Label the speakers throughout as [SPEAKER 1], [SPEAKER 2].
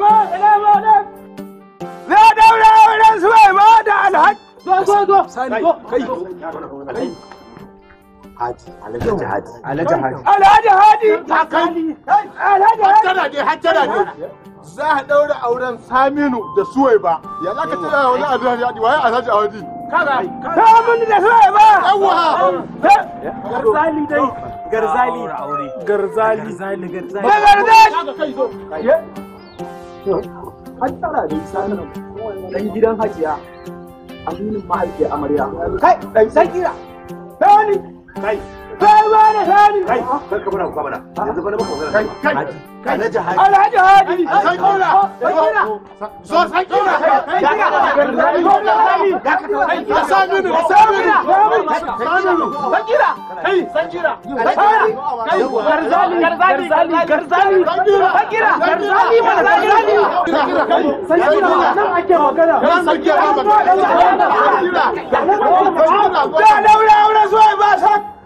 [SPEAKER 1] Jama'a daura auren da alhaji. Zo Alhaji Alhaji Alhaji Hattara ne, hattara ne. Za a auren Saminu da Suwaiba. Ya za ka wani waye Alhaji da Yawwa. Garzali dai. Garzali. Garzali. Garzali. Garzali. Garzali. har tara da isa nan dan gidan hajiya aminin mahaifiya amarya kai dan san kira kai kai ba da sani kai kai alhaji hadi alhaji kai kai Alhaji kai sanu ne sanu ne sanu ne bakira kai sanjira bakira kai garzali garzali mana garzali sanjira nan ake magana sanjira magana sanjira da daura aure zuwa ba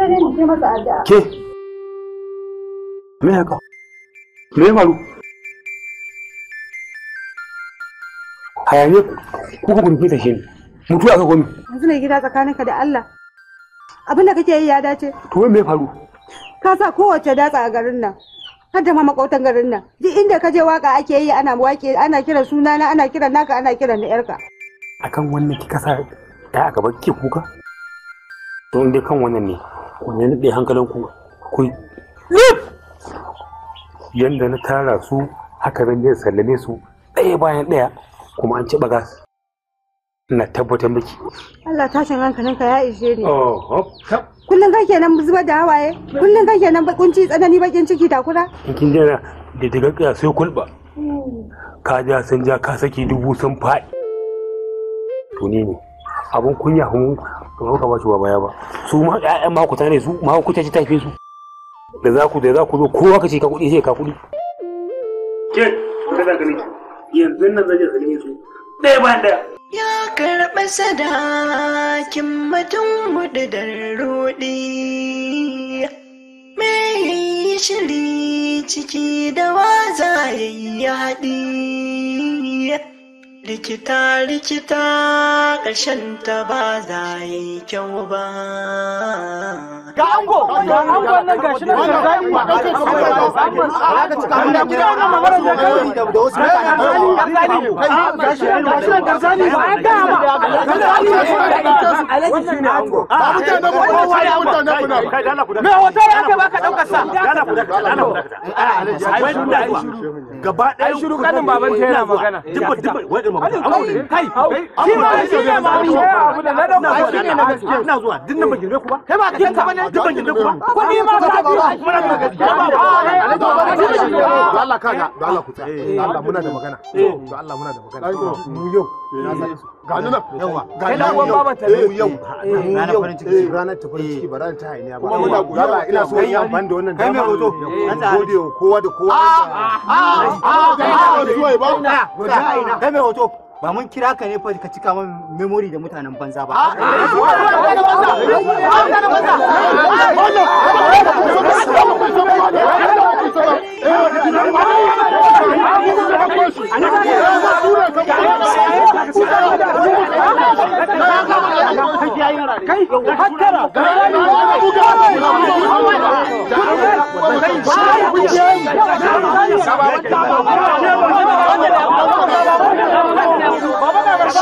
[SPEAKER 1] sai mu masa addu'a ke me haka me ya faru hayaniya kuka gurfi ta shi mutu aka gomi yanzu ne gida tsakaninka da Allah abin da kake yi ya dace to wai me faru ka sa kowace datsa a garin nan har da ma makotan garin nan duk inda ka je waka ake yi ana waƙe, ana kiran sunana ana kiran naka ana kiran na yarka akan wannan kika sa da aka gaba kuka to inda kan wannan ne ku ne naɗe hankalinku ku yadda na tara su haka zan je sallame su ɗaya bayan ɗaya kuma an ci baga na tabbatar miki Allah tashin ka ya ishe ni oh, oh, kullum kake nan zubar da hawaye kullum kake nan bakunci tsanani bakin ciki takura kin jira da daga kiya sai kulba ka ja san ja ka saki dubu sun fa'i to ne abun kunya mun ba ka ba baya ba su ma ƴaƴan mahaukata ne su ta ce tafe su da za ku da za ku zo kowa ka ce ka kuɗi sai ka kuɗi. ke ka da gani yanzu nan zaje je zane su ɗaya ba ɗaya. ya karɓa sadakin mutum gudu da ruɗi mai shiri ciki da waza ya yi haɗi. Likita likita ƙarshen ta ba za yi kyau ba. Ga ango, ga ango nan ga shi nan ga ba ba za cika hannun gida wannan da kai da wasu ga shi nan ga shi nan ga zani ba an ga ma ga zani shi ba ba ko wai mutane kuna da mafita amma da kai shi ma shi ne ma ni na da ma shi ne na gaskiya ina zuwa duk nan ba girbe kai ba ka san a bane duk ban girbe ko ni ma ka ji kuma na gaskiya ba Allah kaga da Allah ku tsaya Allah muna da magana Allah muna da magana mu yau ga nuna yawa ga nan ta yau ranar farin ciki ranar ta farin ciki ba ranar ta hainiya ba kuma muna ina so yin amfani da wannan dama gode wa kowa da kowa a a a ba mun kira ka ne fa ka cika memory da mutanen banza ba mutanen banza Kai,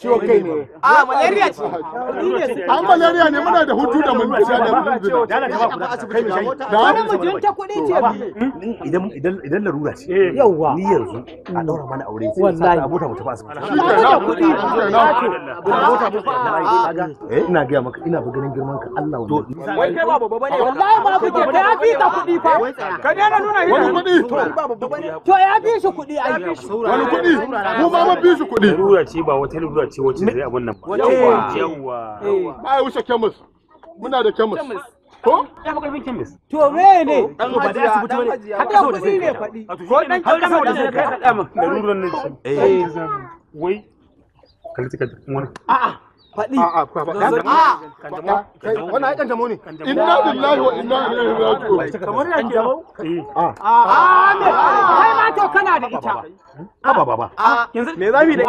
[SPEAKER 1] ciwo kai ne a malaria ce an malaria ne muna da hutu da mun da ta ce idan idan idan larura ce eh. yawa ni yanzu a daura mana aure ba asibiti da kuɗi eh, ina ganin girman ka Allah wai kai ba ne wallahi ke ta fi kuɗi fa ka kuɗi to ya kuɗi ai wani kuɗi mu ma shi larura ce ba wata larura wacce wacce zai abin nan ba eh. Eh. ba wuce kemis muna da kemis ko ya fi karfin kemis to me ne ba da asibiti haka ne faɗi ko dan da kai ka da ruruwan nan eh wai kalli ka a'a faɗi a'a wannan ai ne inna lillahi wa inna ilaihi raji'un kamar eh. a'a a'a to kana da ita baba yanzu me za da ita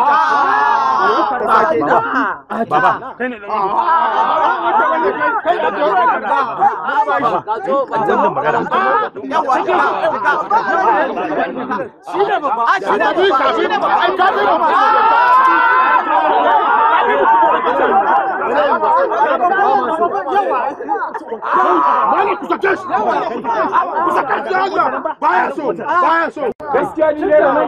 [SPEAKER 1] baba ba kusa so! so! gaskiya ni ne na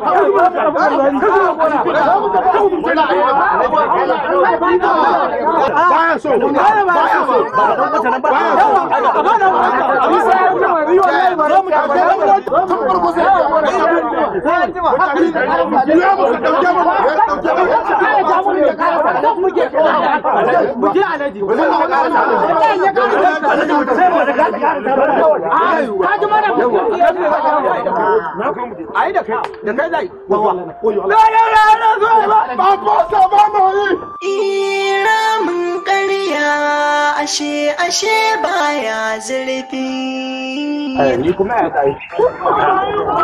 [SPEAKER 1] ai da kai da kai zai wawa da da da da zai ba ba ba sa ba mu yi mun ƙarya ashe ashe baya zurfi ni kuma ya tsaye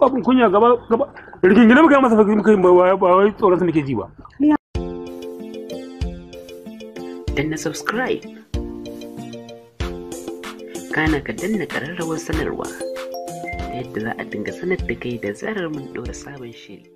[SPEAKER 1] abin kunya gaba gaba rigingine muka yi masa fakir muka yi ba wai tsoron su muke ji ba danna subscribe kana ka danna kararrawar sanarwa ta yadda za a dinga sanar da kai da zarar mun ɗora sabon shiri